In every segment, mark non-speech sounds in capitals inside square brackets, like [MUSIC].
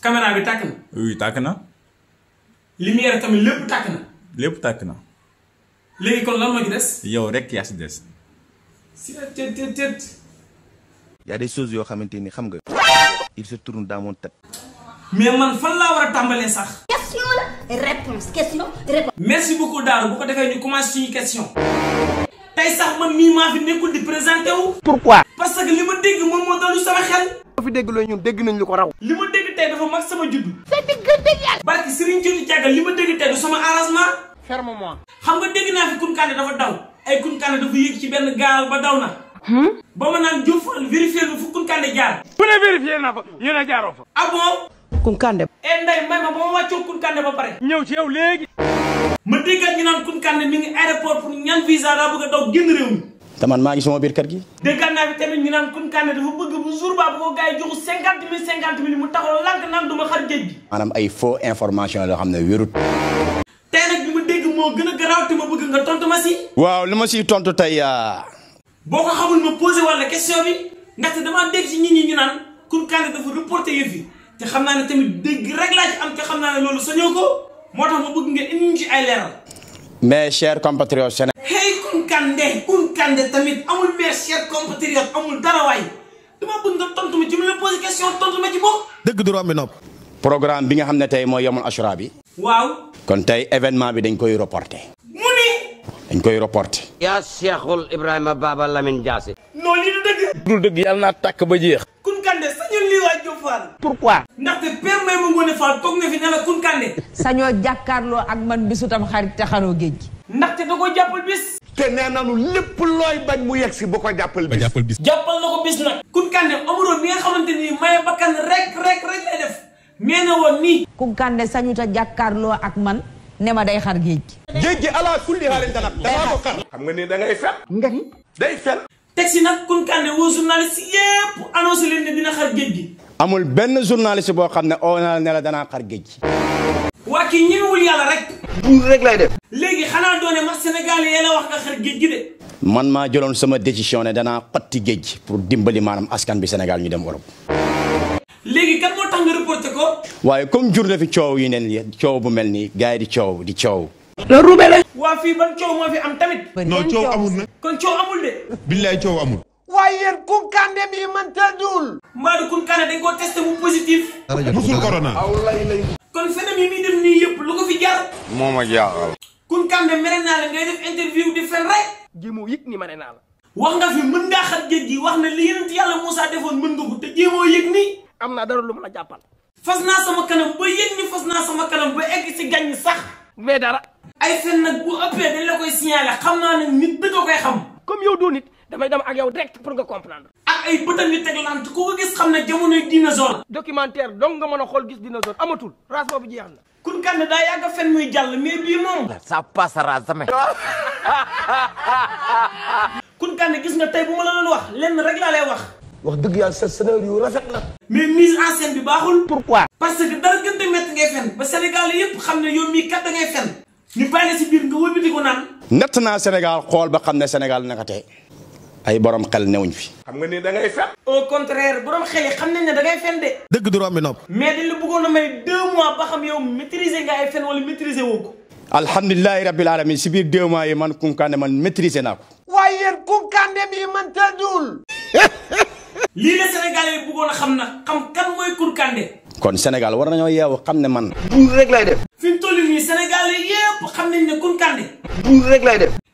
caméra bi tàkk na. oui tàkk na. lumière tamit lépp tàkk na. lépp tàkk na. léegi kon lan moo ci dess yow rek yaa si des. y a des choses yo xamante xam nga. il se tourne dans mon tête. mais man fan la wara tambalé sax. question la réponse question réponse. merci beaucoup Darou bu ko defee ñu commence suñu question. tay sax man mi ma fi nekkul di présenter wu. pourquoi. parce que lima ma dégg moom moo dalu sama xel. boo fi dégg lo ñun dégg nañ lu ko raw. lima dégg tey dafa mag sama juddu. sa diggante yàlla. barki Serigne Thioune Diagal li ma dégg tey du sama arrangement. fermement. xam nga dégg naa fi kunkaane dafa daw ay kunkaane dafa yéeg ci benn gaal ba daw na. Hmm? ba ma naan Diop Fall vérifié na fu kunkaane jaar. bu ne vérifié na fa ñu ne jaaroo fa. ah bon. kunkaane. Eh, may ma ba wàccoo kunkaane ba pare. ñëw ci yow léegi. ma déggal ñu naan kunkaane mi ngi aéroport pour ñan visa daa bëgg a daw génn te man maa ngi sama kër gi. déggal naa fi tamit ñu naan Koun Kandé dafa bëgg bu jour ba bu ko gars joxu cinquante mille mu taxaw lànk naan du ma xar géej gi. maanaam ay faux information yoo xam ne wérut. tey nag dégg moo gën a garaaw ma bëgg nga tontu ma si. waaw li ma tontu tey. boo ko xamul ma posé walla question bi ndaxte dégg nit ñi ñu naan dafa yi te na tamit dégg rek ci am te na ma bëgg nga indi ci ay mes chers compatriotes Kandé Koun tamit amul mes chers compatriotes amul dara waay dama ma ci mu tontu ma ci moom. dëgg du romb nopp. programme bi nga xam ne tey mooy yomul assura bi. waaw. kon tey événement bi dañ koy reporté. dañ koy reporté. yaa Cheikhul ibrahim Baba Lamine Diassé. non lii du dëgg. dul dëgg yàlla naa tàkk ba jeex. Koun Kandé lii waa Diop Fall. pourquoi. ndaxte père may ngoone Fall toog na fi ne la sañoo jàkkaarloo ak man bisu tam xarit te xanoo géej gi. te nee nañu lépp looy bañ mu yegg si ko jàppal bis. jàppal na ko bis nag. Koun Kandé Omaro mi nga xamante ni maye bakkan rek rek rek lay def nee na woon nii. Koun Kandé sañu ta jàkkaarloo ak man ne ma day xar géej gi. géej gi ala kulli haalin dana ko xar. xam nga ni da ngay nga ni day fen. teg si nag Koun Kandé woo journaliste yépp annoncé leen dina xar géej gi. amul benn journaliste boo xam ne oo na ne la danaa xar géej gi. waa kii ñemewul yàlla rek. buur léegi xanaa doone ma Sénégal yi wax nga xar géej gi de. man maa jëloon sama décision ne danaa xotti géej pour dimbali maanaam askan bi Sénégal ñu dem Europe. léegi kan moo tax nga reporté ko. waaye comme jur na fi coow yi neen li coow bu mel nii gars di coow di coow. loolu ruubee la. waa coow moo fi am tamit. non coow amul na. kon coow amul de. billaay coow amul. waaye yéen kunkande bi man tëddul. Mbadou kunkande dañ koo testé mu positif. musul corona. moo ma jaaxal. kun Kande mere naa la ngay def interview di fen rek. jéemoo yëg ni mere naa la. wax nga fi mën ngaa xat géej gi wax na li yonent yàlla Moussa defoon mën nga ko te jéemoo yëg ni. am naa dara lu man a jàppal. fas naa sama kanam ba yëg ni fas naa sama kanam ba egg si gàññ sax. mais dara. ay fen nag bu ëppee dañ la koy signalé xam naa ne nit dëgg koy xam. comme yow doo nit. damay dem ak yow direct pour nga comprendre. ak ay bëtal ku gis xam ne jamonoy dinosaure. documentaire dong nga mën a xool gis dinosaure amatul race bi jeex na. kun kan daa yàgg a fen muy jàll mais bii moom. sa [LAUGHS] passera jamais. [LAUGHS] kun kan gis ne tey bu ma la doon wax lenn rek laa wax. wax dëgg yàlla sa scénario yu rafet la. mais mise en scène bi baaxul. pourquoi. parce que dara gën a fen ba Sénégal yëpp xam ne yow mii kat da fen ñu bàyyi si biir nga wëbbi di xool ba xam ne Sénégal naka tey. ay borom xel newuñ fi. xam nga ni da ngay fen. au contraire borom xel yi xam nañ ne da ngay fen de. dëgg du romb nopp. mais dañ la bëggoon a may deux mois ba xam yow maîtriser nga ay fen wala maîtriser woo ko. alhamdulilahi rabbil alamin si biir deux mois yi man Kounkandé man maîtriser naa ko. waaye yéen Kounkandé bi man tëddul. lii la Sénégalais yi bëggoon a xam na xam kan mooy Kounkandé. kon Sénégal war nañoo yeewu xam ne man. buur rek lay def. fi mu toll nii Sénégalais yépp xam nañ ne Kounkandé. buur rek lay def.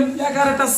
dem yaakaar a tas